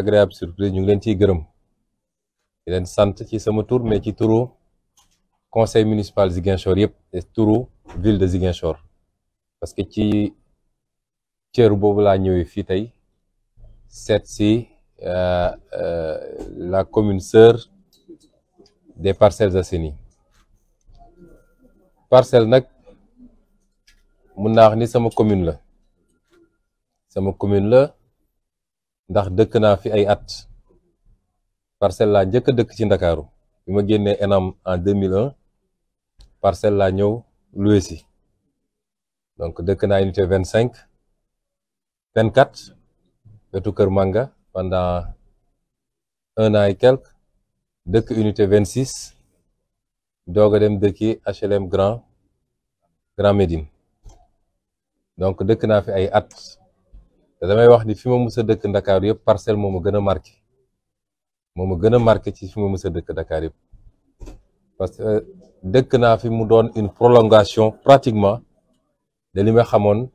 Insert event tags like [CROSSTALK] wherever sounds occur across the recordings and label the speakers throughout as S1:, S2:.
S1: agréable surprise ñu ngi leen ciy gërëm leen sant ci sama tour mais ci turu conseil municipal Ziguinchor yëpp et turu ville de Ziguinchor parce que ci cër boobu laa ñëwee fii tey seet si euh, euh, la commune seur des Parcelles Assainies parcelle nag mun naa wax ni sama commune la sama commune la ndax dëkk naa fi ay at parcelle laa njëkk dëkk ci ndakaaru bi ma génnee enam en 2001 parcelle laa ñëw loué donc dëkk naa unité 25 24 wetu Kër Manga pendant un an quelque dëkk unité vingt doog a dem dëkki HLM Grand Grand Médine donc dëkk naa fi ay at. te damay wax ni fi ma mës dëkk Dakar yëpp parcelle moo ma a marqué moo ma gën a marqué ci fi ma mës dëkk Dakar yëpp parce que dëkk naa fi mu doon une prolongation pratiquement de li xamoon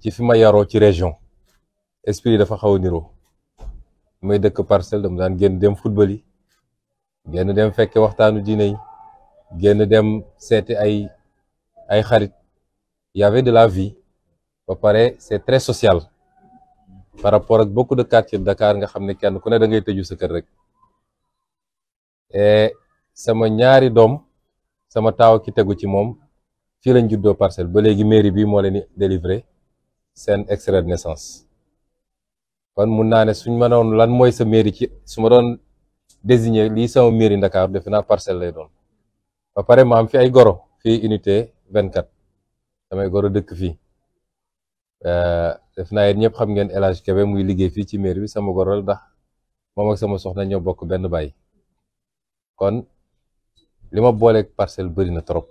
S1: ci fi ma yaroo ci région esprit dafa xaw a niroo may dëkk parcelle dama daan génn dem football yi génn dem fekke waxtaanu diine yi génn dem seeti ay ay xarit y avait de la vie ba pare c'est très social par rapport ak beaucoup de quartiers de Dakar nga xam ne kenn ku ne da ngay tëju sa kër rek e sama ñaari doom sama taaw ki tegu ci moom fii lañ juddoo parcelle ba léegi mairie bi moo leen di délivré seen extrait de naissance kon mun naa ne suñ ma doon lan mooy sa mairie ci su ma doon désigner lii sama mairie Dakar defe naa parcelle lay doon ba pare ma fi ay goro fii unité 24 damay goro dëkk fii. Euh, def naa yéen ñëpp xam ngeen élage Hadj muy liggéey fii ci mairie bi sama gorol ndax moom ak sama soxna ñoo bokk benn baay kon li ma booleeg parcelle bëri na trop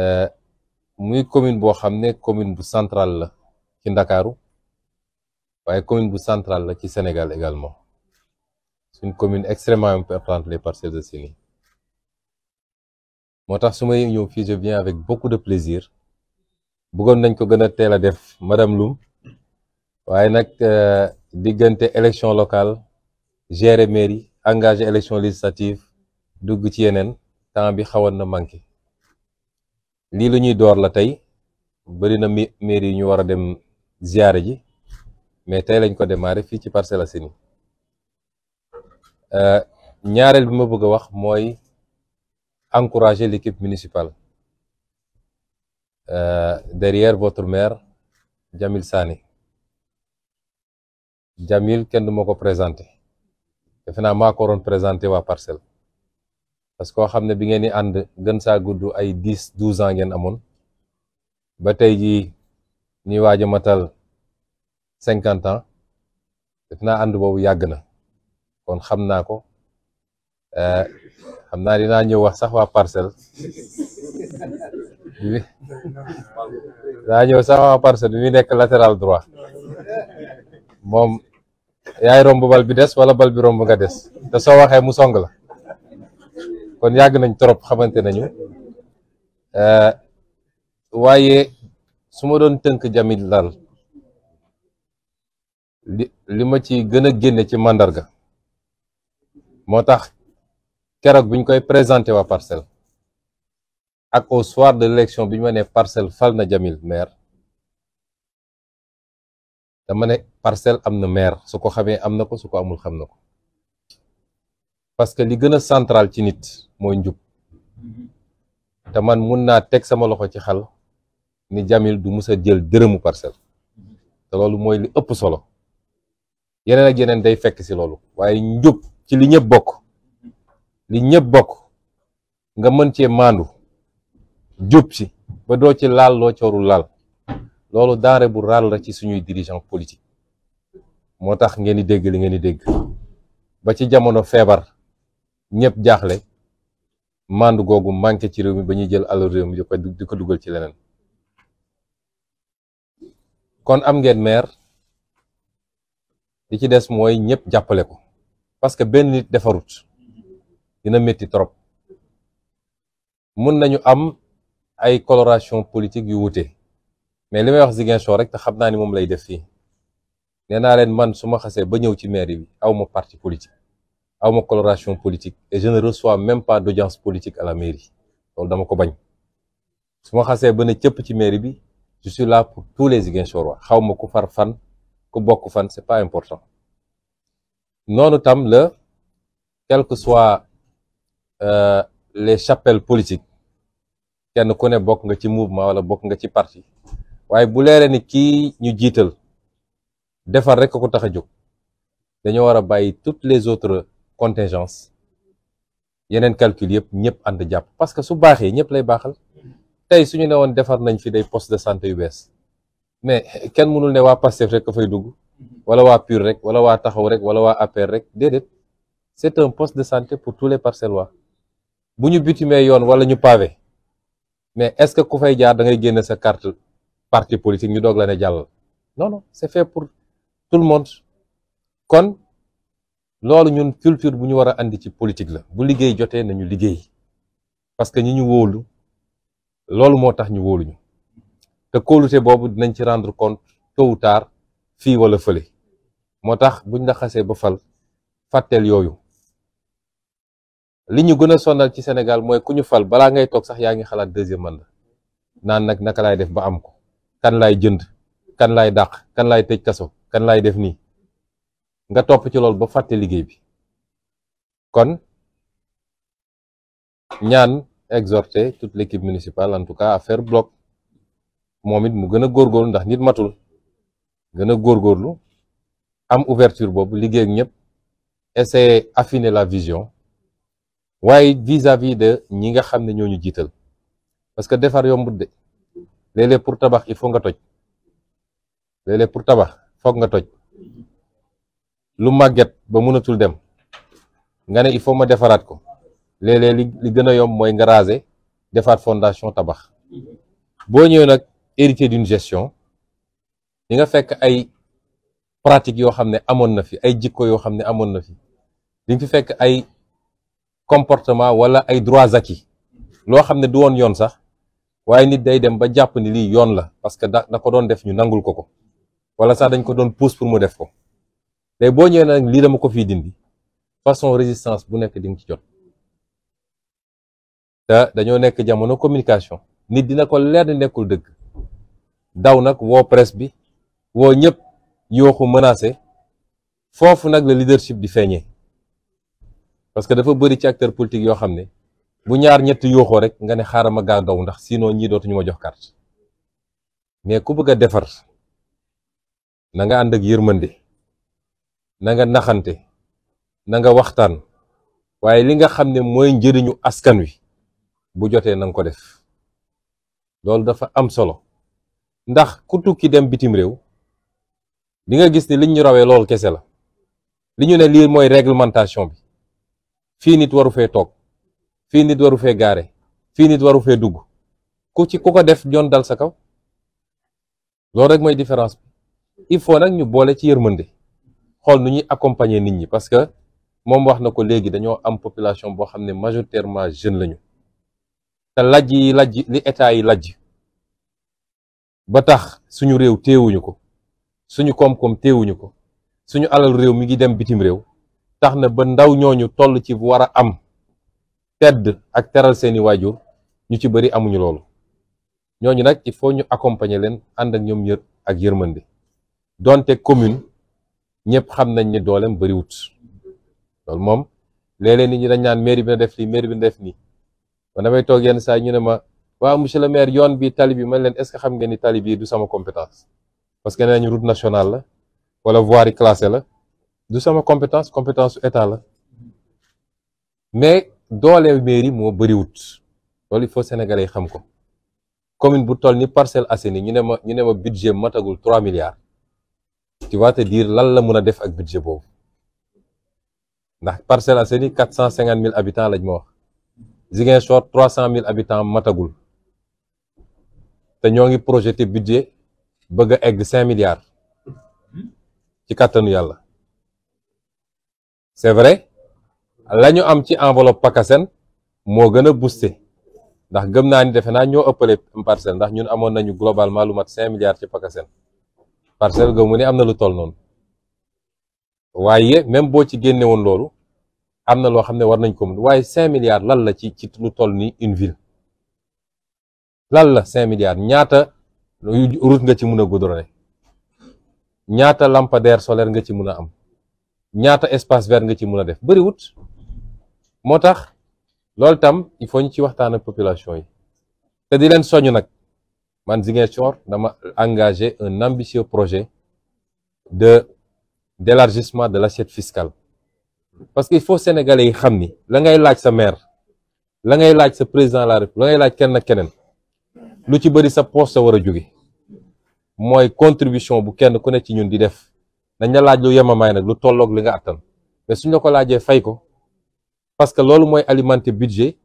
S1: euh, muy commune boo xam ne commune bu centrale la ci Ndakaaru waaye commune bu centrale la ci Sénégal également c'est commune extrêmement importante les Parcelles Assainies moo tax su may ñëw fii je viens avec beaucoup de plaisir bëggoon nañ ko gën a teel a def madame Loum waaye nag euh, diggante élection locale gérer mairie engagé élection législative dugg ci yeneen temps bi xawoon na manqué lii lu ñuy door la tey bëri na mairie yu ñu war a dem ziare ji mais tey lañ ko démarré fii ci Parcelles Assainies euh, ñaareel bi ma bëgg a wax mooy encourager l'équipe municipale Euh, derrière votre maire Jamil Sané Jamil kenn du ko présenté defe naa maa ko présenté waa parcelle parce que koo xam ne bi ngeen di ànd gën saa ay dix douze ans ngeen amoon ba tey jii ñuy waaj matal cinquante ans defe naa ànd boobu yàgg na kon xam naa ko euh, xam naa dinaa ñëw wax sax waa parcelle [LAUGHS] daa ñëw sax waa parcelle bi muy nekk latéral droit moom yaay romb bal bi des wala bal bi romb nga des te soo waxee mu song la kon yàgg nañ trop xamante nañu eh, waaye su ma doon tënk Jamil daal li li ma ci gën a génne ci màndarga moo tax keroog buñ koy présenté waa parcelle ak o soir de l'élection bi ñu ma ne parcelle fal na Jamil maire dama ne parcelle am na maire su ko xamee am na ko su ko amul xam na ko parce que li gën a central ci nit mooy njub te man mun naa teg sama loxo ci xal ni Jamil du mus a jël dërëmu parcelle te loolu mooy li ëpp solo yeneen ak yeneen day fekk si loolu waaye njub ci li ñëpp bokk li ñëpp bokk nga mën cee maandu. jub si ba doo ci laal loo coorul laal loolu denrée bu raal la ci suñuy dirigeant politique moo tax ngeen di dégg li ngeen di dégg ba ci jamono feebar ñëpp jaaxle màndu googu manqué ci réew mi ba ñuy jël alal réew mi di ko dugal ci leneen kon am ngeen maire li ci des mooy ñëpp jàppale ko parce que benn nit defarut dina métti trop mun nañu am ay coloration politique yu wute mais li may wax Ziguinchor rek te xam naa ni moom lay def fii nee naa leen man su ma xasee ba ñëw ci mairie bi aw ma parti politique aw ma coloration politique et je ne même pas d'audience politique à la mairie loolu dama ko bañ su ma xasee ba ne cëpp ci mairie bi je suis là pour tous les Ziguinchorois xaw ma ku far fan ku bokk fan c'est pas important noonu tam la quel que soit euh, les chapelles politiques kenn ku ne bokk nga ci mouvement wala bokk nga ci parti waaye bu leeree ni kii ñu jiital defar rek ko tax a jóg dañoo war a bàyyi toutes les autres contingences yeneen calcul yëpp ñëpp ànd jàpp parce que su baaxee ñëpp lay baaxal tey suñu ne woon defar nañ fi day poste de santé yu bees mais kenn mënul ne waa Pastef rek ka fay dugg wala waa PUR rek wala waa taxaw rek wala waa APR rek déedéet c'est un poste de santé pour tous les Parcellois bu mais est-ce que ku fay jaar dangay ngay génne sa carte parti politique ñu doog la ne jàll noonu non c'est fait pour tout le monde kon loolu ñun culture bu ñu war a andi ci politique la bu liggéey jotee nañu liggéey parce que ñi ñu wóolu loolu moo tax ñu wóoluñu te kóolute boobu dinañ ci rendre compte tôt ou tard fii wala fële moo tax buñ la ba fal fàtteel yooyu li ñu gën a sonal ci senegal mooy ku ñu fal balaa ngay toog sax yaa ngi xalaat deuxième mandat naan nag naka lay def ba am ko kan laay jënd kan laay dàq kan laay tëj kaso kan laay def nii nga topp ci loolu ba fàtte liggéey bi kon ñaan exhorter tout l'équipe municipale en tout cas à faire moom it mu gën a góorgóorlu ndax nit matul gën a góorlu am ouverture boobu liggéey ak ñëpp affine la vision waaye vis-à-vis de ñi nga xam ne ñoo ñu jiital parce que defar yombut de léeg pour tabax il faut nga toj léeg pour tabax foog nga toj lu màgget ba munatul dem nga ne il faut ma defaraat ko léeg li li gën a yomb mooy nga raser defaat fondation tabax boo ñëwee nag hérité d'une gestion di nga fekk ay pratiques yoo xam ne amoon na fi ay jikko yoo xam ne amoon na fi di fi fekk ay. comportement wala ay droits acquis loo xam ne du woon yoon sax waaye nit day dem ba jàpp ni lii yoon la parce que da na ko doon def ñu nangul ko ko wala sax dañ ko doon pouse pour mu def ko léegi boo ñëwee nag lii dama ko fii dindi façon résistance bu nekk di nga ci jot te dañoo nekk jamono communication nit dina ko leer ni nekkul dëgg daw nag woo presse bi woo ñëpp yooxu menacé foofu nag le leadership di feeñee parce que dafa bëri ci acteur politique yoo xam ne bu ñaar ñett yooxoo rek nga ne xaaral ma gaa daw ndax sinon ñii dootuñu ma jox carte mais ku bëgg a defar nanga ànd ak yërmande na nga naxante nanga waxtaan waaye li nga xam ne mooy njëriñu askan wi bu jotee na nga ko def loolu dafa am solo ndax ku tukki dem bitim réew li nga gis ne liñ ñu rawee loolu kese la li ñu ne lii mooy réglementation bi fii nit waru fee toog fii nit waru fee gaare fii nit waru fee dugg ku ci ku ko def yoon dal sa kaw loolu rek mooy différence bi il faut nag ñu boole ci yërmande xool nu ñuy accompagner nit ñi parce que moom wax na ko léegi dañoo am population boo xam ne majoritairement jeune lañu te lajj yi lajj li état yi lajj ba tax suñu réew téewuñu ko suñu koom-koom téewuñu ko suñu alal réew mi ngi dem bitim réew tax na ba ndaw ñooñu toll ci war a am tedd ak teral seeni waajur ñu ci bëri amuñu loolu ñooñu nag il faut ñu accompagner leen ànd ak ñoom yër ak yërmande donte commune ñëpp xam nañ ni dooleem bëriwut loolu moom léeg-léeg nit ñi dañ naan mairie bi na def lii mairie bi na def nii man damay toog yenn saa ñu ne ma waaw monsieur le maire yoon bi tali bi man leen est-ce que xam ngeen ni tali bii du sama compétence parce que nee nañu national la wala voirie classée la du sama compétence compétence su état la mais dooleel mairie moo bëriwut loolu il faut sénégalais yi xam ko commune bu toll ni parcelle Assainies ñu ne ma ñu ne ma budget matagul trois milliards tu vas diir dire lan la mën a def ak budget boobu ndax Parcelles Assainies quatre cent cinquante mille habitants lañ ma wax Ziguinchor trois cent mille habitants matagul te ñoo ngi projet projeté budget bëgg a egg cinq milliards ci kàttanu yàlla c'est vrai la ñu am ci enveloppe PACASEN moo gën a boosté ndax gëm naa ni defe naa ñoo ëppale parcelle ndax ñun amoon nañu globalement lu mat cinq milliards ci PACASEN parcelle gëmu ne am na lu toll noonu waaye même boo ci génne loolu am na loo xam ne war nañ ko mun waaye cinq milliards lan la ci ci lu toll ni une ville lan la cinq milliards ñaata route nga ci mun a goudronner ñaata lampadaire solaire nga ci mun a am ñaata espace vert nga ci mun a def bëriwut moo tax loolu tam il faut ñu ci waxtaan ak population yi te di leen soññ nag man Ziguinchor dama engagé un ambitieux projet de d'élargissement de l'assiette fiscale parce que il faut sénégalais yi xam ni la ngay laaj sa maire la ngay laaj sa président la république la ngay laaj kenn ak keneen lu ci bëri sa poche sa war a jóge mooy contribution bu kenn ku ne ci ñun di def dañ la laaj lu yemamaay nag lu tolloog li nga attan mais suñ la ko laajee fay ko parce que loolu mooy alimenter budget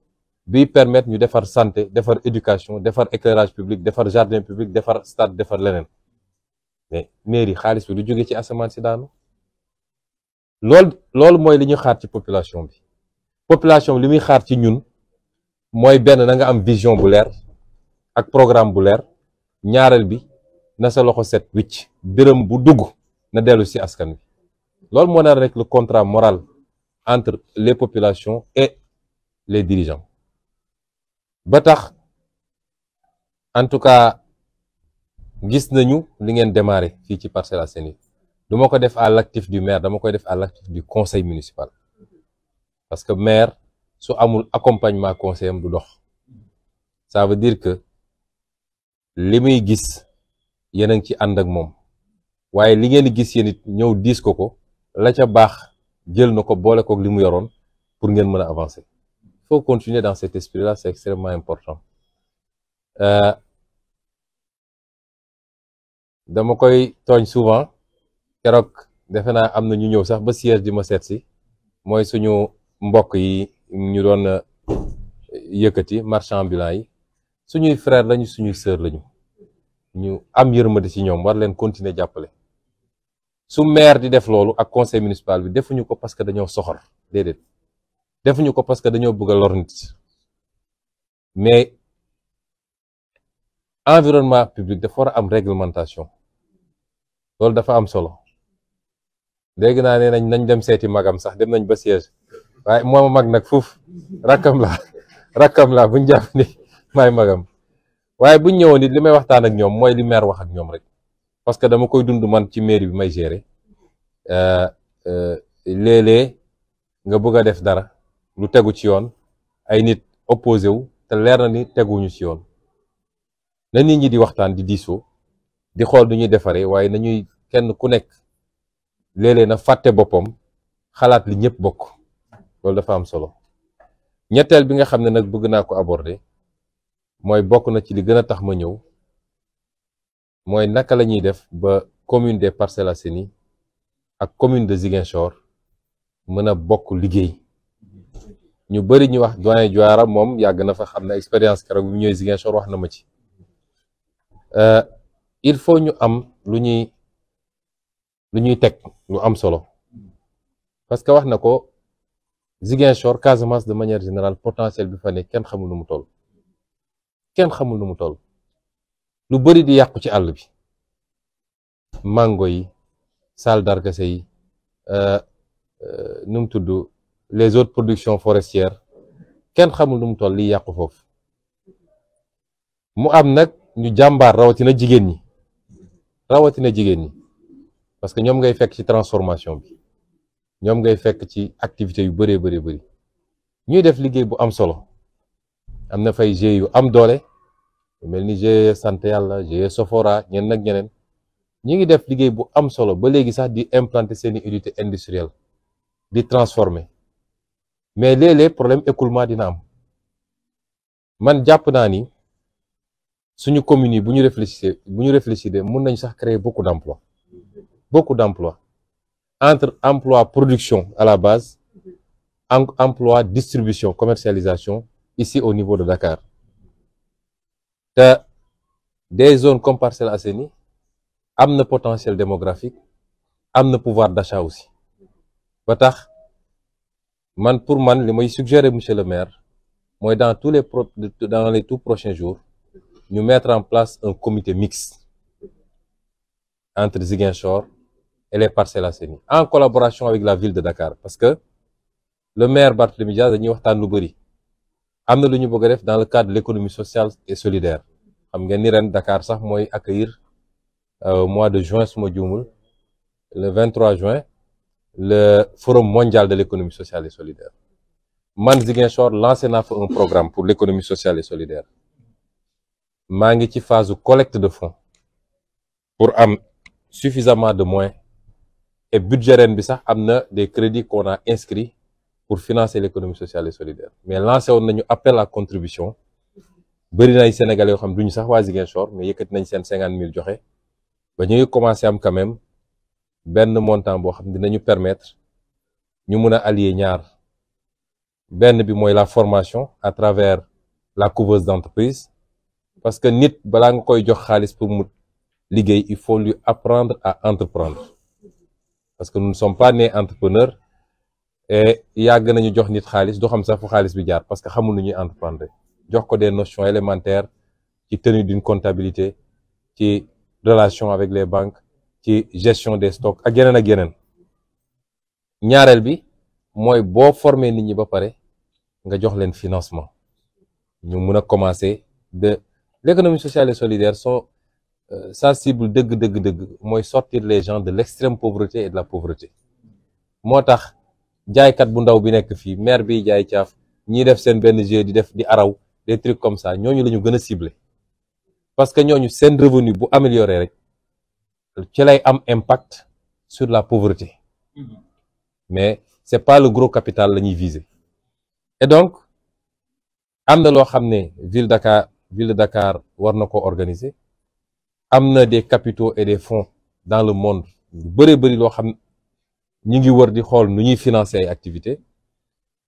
S1: biy permettre ñu defar santé defar éducation defar éclairage public defar jardin public defar stade defar leneen mais mairie xaalis bi du jóge ci asamaan si daanu loolu loolu mooy li ñuy xaar ci population bi population bi li muy xaar ci ñun mooy benn na nga am vision bu leer ak programme bu leer ñaareel bi na sa loxo set wicc dërëm bu dugg na dellu si askan wi loolu moo na rek le contrat moral entre les populations et les dirigeants ba tax en tout cas gis nañu li ngeen démarré fii ci Parcelles Assainies du ma ko def à l'actif du maire dama koy def à l'actif du conseil municipal parce que maire su amul accompagnement conseil am du dox ça veut dire que li muy gis yéen a ngi ci ànd ak moom waaye li ngeen di gis yéen it ñëw diis ko ko la ca baax jël na ko boole kook li mu yoroon pour ngeen mën a avancer il faut continuer dans cet esprit là c'est extrêmement important euh, dama koy tooñ souvent keroog defe naa am na ñu ñëw sax ba siège di ma seet si mooy suñu mbokk yi ñu doon euh, yëkkati marchand ambulant yi suñuy frère lañu suñuy sœur lañu ñu am yërmande ci ñoom war leen continuer jàppale su maire di def loolu ak conseil municipal bi defuñu ko parce que dañoo soxor déedéet defuñu ko parce que dañoo bëgg a lor nit mais environnement public dafa war a am réglementation loolu dafa am solo dégg naa ne nañ nañ dem seeti magam sax dem nañ ba siège waaye mooma mag nag fuuf rakkam la [LAUGHS] rakkam la buñ jàpp ni [LAUGHS] maay magam waaye buñ ñëwoon it li may waxtaan ak ñoom mooy li maire wax ak ñoom rek parce que dama koy dund man ci mairie bi may gérer euh, euh, léeg nga bëgg a def dara lu tegu ci yoon ay nit opposé wu te leer na ni teguwuñu ci yoon na nit ñi di waxtaan di diisoo di xool du ñuy defaree waaye nañuy kenn ku nekk léeg na fàtte boppam xalaat li ñëpp bokk loolu dafa am solo ñetteel bi nga xam ne nag bëgg naa ko aborder mooy bokk na ci li gën a tax ma ñëw mooy naka la ñuy def ba commune des Parcelles Assainies ak commune de Ziguinchor mën a bokk liggéey ñu bëri ñu wax doyen Diouara moom yàgg na fa xam na expérience keroog bi ñooy Ziguinchor wax na ma ci euh, il faut ñu am lu ñuy lu ñuy teg lu am solo parce que wax na ko Ziguinchor Casamance de manière générale potentiel bi fa ne kenn xamul nu mu toll kenn xamul nu mu toll lu bari di yàqu ci àll bi màngo yi sal darkase yi euh, euh, nu mu tudd les autres productions forestières kenn xamul nu mu toll liy yàqu foofu mu am nag ñu jàmbaar rawatina jigéen ñi rawatina jigéen ñi parce que ñoom ngay fekk ci transformation bi ñoom ngay fekk ci activité yu bëree bëri bëri ñuy def liggéey bu am solo am na fay GIE yu am doole mel ni GIE sant yàlla GIE Sofora ñenn nag ñeneen ñi ngi def liggéey bu am solo ba léegi sax di implanter seeni unité industrielle di transformer mais léeg-léeg problème écoulement dina am man jàpp naa ni suñu communes yi bu ñu réfléchir bu ñu de mun nañ sax créer beaucoup d'emplois beaucoup d'emplois entre emploi production à la base emploi distribution commercialisation issi au niveau de Dakar te des zones comme Parcelles Assainies am na potentiel démographique am na pouvoir d'achat aussi ba tax man pour man li may suggérer monsieur le maire mooy dans tous les pro dans les tout prochains jours ñu mettre en place un comité mixte entre Ziguinchor et les Parcelles Assainies en collaboration avec la ville de Dakar parce que le maire Barthélémy Dias dañuy waxtaan lu bëri am na lu ñu bëgg a def dans le cadre de l'économie sociale et solidaire xam nga ni ren Dakar sax mooy accueillir euh, mois de juin suma juumul le 23 juin le forum mondial de l'économie sociale et solidaire man Ziguinchor lancé naa fa un programme pour l'économie sociale et solidaire maa ngi ci phase collecte de fonds pour am suffisamment de moyens et budget ren bi sax am na des crédits qu'on a inscrits pour financer l'économie sociale et solidaire mais lancé woon nañu appel à contribution bëri na ay yoo xam duñu sax waa Ziguinchor mais yëkkati nañ seen cinquante mille joxe ba ñuy commencé am quand benn montant boo xam dinañu permettre ñu mun a allier ñaar benn bi mooy la formation à travers la couveuse d'entreprise parce que nit balaa nga koy jox xaalis pour mu liggéey il faut lui apprendre à entreprendre parce que nous ne pas nés entrepreneurs Eh, yàgg nañu jox nit xaalis du xam sax fu xaalis bi jaar parce que xamul nu ñuy entreprendre jox ko des notions élémentaires ci tenue d'une comptabilité ci relation avec les banques ci gestion des stocks ak yeneen ak yeneen ñaareel bi mooy boo former nit ñi ba pare nga jox leen financement ñu mun a commencer de l'économie sociale et solidaire soo euh, sa cible dëgg dëgg dëgg mooy sortir les gens de l'extrême pauvreté et de la pauvreté moo tax jaaykat bu ndaw bi nekk fii maire bi jaay caaf ñiy def seen benn jeu di def di araw des trucs comme ça ñooñu lañu ñu gën a ciblé parce que ñooñu seen revenu bu amélioré rek ci lay am impact sur la pauvreté mais c'est pas le gros capital la ñuy viser et donc am na loo xam ne ville Dakar ville de Dakar war na ko organiser am na des capitaux et des fonds dans le monde lu bëree bëri loo xam ñi ngi wër di xool nu ñuy financer ay activités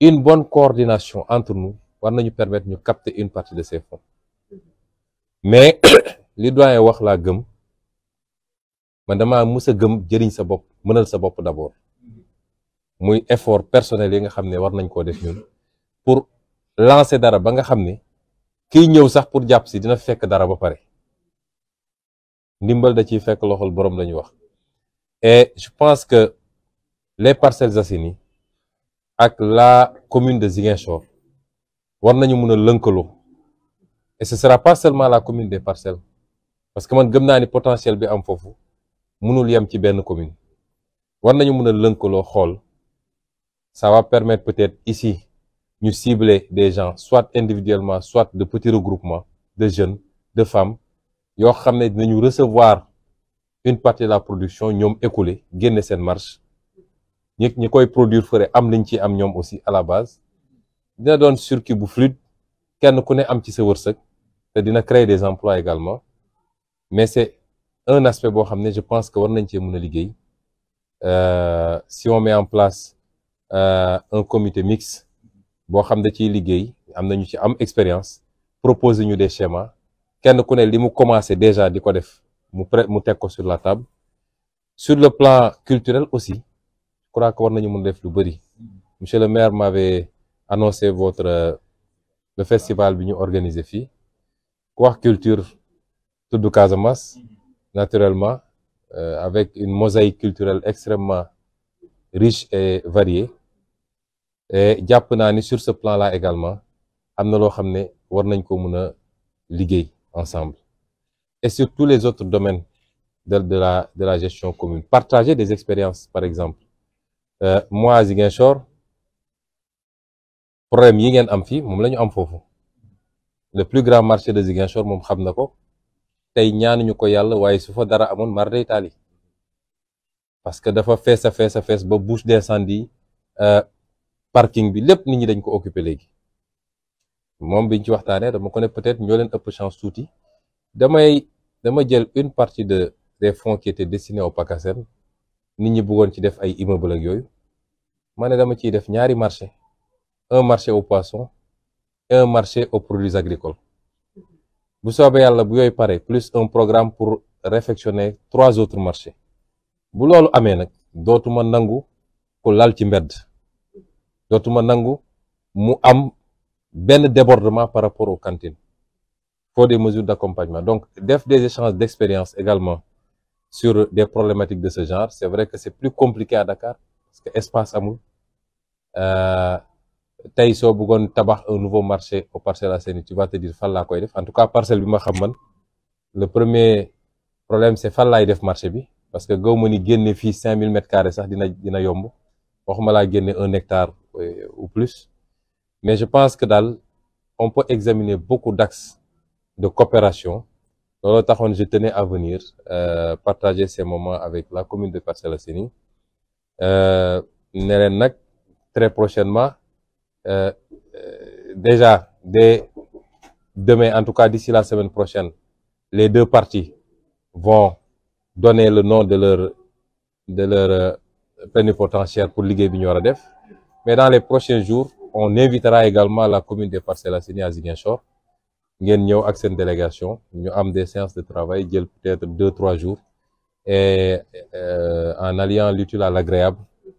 S1: une bonne coordination entre nous war nañu permettre ñu capter une partie de ces fonds mais [COUGHS] li doyen wax laa gëm man dama mës gëm jëriñ sa bopp mënal sa bopp d'abord muy effort personnel yi nga xam ne war nañ koo def ñun pour lancer dara ba nga xam ni kiy ñëw sax pour jàpp si dina fekk dara ba pare ndimbal da ciy fekk loxol boroom lañu wax et je pense que les Parcelles Assainies ak la commune de Ziguinchor war nañu mun a lënkaloo et ce sera pas seulement la commune des Parcelles parce que man gëm naa ni potentiel bi am foofu mënul yem ci benn commune war nañu mun lënkaloo xool saa va permettre peut-être ici ñu cibler des gens soit individuellement soit de petits regroupements de jeunes de femmes yoo xam ne dinañu recevoir une partie de la production ñoom écoulé génne seen marche ñi ñi koy produire fëre am liñ ci am ñoom aussi à la base dina doon circuit bu fluide kenn ku ne am ci sa wërsëg te dina créer des emplois également mais c'est un aspect boo xam ne je pense que war nañ cee mën a liggéey euh, si on met en place euh, un boo xam da ciy liggéey am nañu ci am expérience proposer ñu des schémas kenn ku ne li mu commencé déjà di ko def mu pré mu teg ko sur la table sur le plan culturel aussi crois que war nañu mën def lu bëri monsieur le maire m'avait annoncé votre euh, le festival bi ñu organisé fii ku wax culture tudd Casamance naturellement euh, avec une mosaïque culturelle extrêmement riche et variée et jàpp naa ni sur ce plan là également am na loo xam ne war nañu ko mun a liggéey ensemble et sur tous les autres domaines de la de la gestion commune partager des expériences par exemple mois euh, moi Ziguinchor problème yi ngeen am fii moom la ñu am foofu le plus grand marché de Ziguinchor moom xam na ko tey ñaanuñu ko yàlla waaye su fa dara amoon mar day parce que dafa fees a fees a fees ba bouche d'incendie euh, parking bi lépp nit ñi dañ ko occupé léegi moom biñ ci waxtaanee dama ko ne peut-être ñoo leen ëpp chance tuuti damay dama jël une partie de des fonds qui étaient destinés au PACASEN nit ñi bëggoon ci def ay immeuble ak yooyu ma ne dama ciy def ñaari marché un marché au poisson et marché aux produits agricoles bu soobee yàlla bu yooyu paree plus un programme pour réfectionner trois autres marchés bu loolu amee nag dootuma nangu ku lal ci mbedd dootuma nangu mu am benn débordement par rapport aux cantines faut des mesures d'accompagnement donc def des échanges d'expérience également sur des problématiques de ce genre c'est vrai que c'est plus compliqué à Dakar parce que espace amul euh, tey soo bëggoon tabax un nouveau marché au Parcelles Assainies ci vas te dire fan laa koy def en tout cas parcelle bi ma xam man le premier problème c'est fan def marché bi parce que gaw ma ni génne fii 5000 mètres carrés sax dina dina yomb waxuma laa génne un hectare euh, ou plus mais je pense que daal on peut examiner beaucoup d'axes de coopération looloo taxoon je tenais à venir euh, partager ces moments avec la commune de Parcelles Assainies euh, ne leen nag très prochainement euh, déjà dès demain en tout cas d'ici la semaine prochaine les deux parties vont donner le nom de leur de leur euh, plénipotentiaire pour liggéey bi ñu war a def mais dans les prochains jours on invitera également la commune de Parcelles Assainies à Ziguinchor ngeen ñëw ak seen délégation ñu am des séances de travail jël peut-être deux trois jours et euh, en alliant l'utile à l'agréable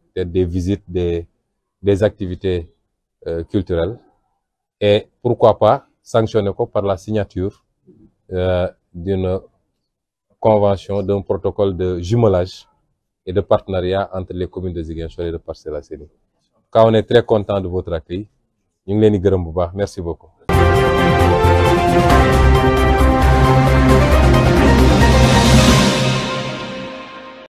S1: peut-être des visites des des activités euh, culturelles et pourquoi pas sanctionner ko par la signature euh, d'une convention d'un protocole de jumelage et de partenariat entre les communes de Ziguinchor et de Parcelles Assainies. Quand on est très content de votre accueil ñu ngi leen di gërëm bu baax merci beaucoup. thank you